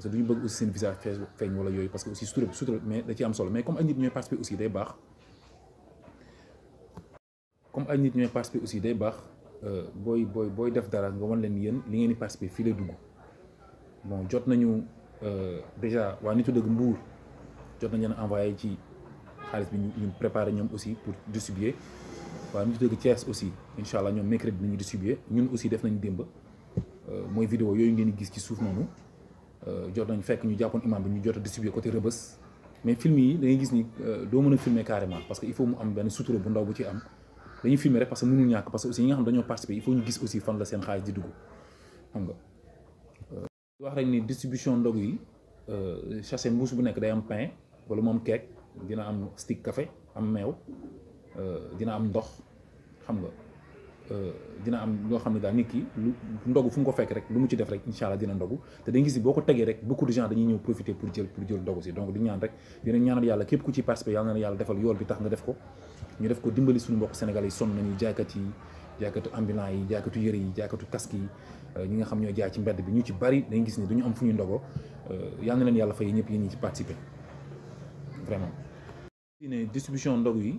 parce que duñu bëgg aussi seen visage feeñ wala yooyu parce que aussi sutura sutura mais da ci am solo mais comme ay nit ñooy participer aussi day baax comme ay nit ñooy participer aussi day baax euh, booy booy booy def dara nga wan leen yéen li ngeen di participer fii lay dugg bon jot nañu euh, déjà waa nitu dëgg mbuur jot nañu leen envoyé ci xaalis bi ñu préparer préparé ñoom aussi pour distribuer waa nitu dëgg Thiès aussi incha allah ñoom mercredi nañu distribuer ñun aussi def nañu démb euh, mooy vidéo yooyu ngeen di gis ci suuf noonu. jot nañ fekk ñu jàppoon imam bi ñu jot a distribué côté Rebeuss mais film yi da gis ni euh, doo mën a filmer carrément parce que il faut mu am benn sutura bu ndaw bu ci am dañuy filmer rek parce que mënul ñàkk parce que aussi ñi nga xam dañoo participer il faut ñu gis aussi fan la seen xaalis di dugg xam nga euh, wax rek ni distribution ndog yi euh, chaque mbuus bu nekk day am pain wala moom keek dina am stick café am meew dina am ndox xam nga Euh, dina am lo xamni da daal nit ki ndogu fu mu ko fekk rek lu mu ci def rek inshallah dina ndogu te da dañu gis boko tege rek beaucoup de gens dañuy ñëw profiter pour jël pour jël ndogu ci donc di ñaan rek dina ñaanal yalla képp ku ci passé yalla na yalla defal yool bi tax nga def ko ñu def ko dimbali suñu mbokk sénégalais yi nañu jaaykat yi jaaykatu yi jaakatu yëre yi jaakatu casque yi euh, ñi nga xam ñoo jaay ci mbedd bi ñu ci bari dañu gis ni duñu am fu ñu ndogo euh, yàlla na leen yàlla fay ñëpp yéen ci participer vraiment ne distribution ndogu yi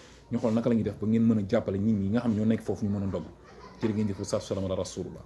ñu xool naka la ñuy def ba ngeen mën a jàppale nit ñi nga xam ñoo nekk foofu ñu mën a ndog jërë ngeen jëf saaf salaam ala rasulullah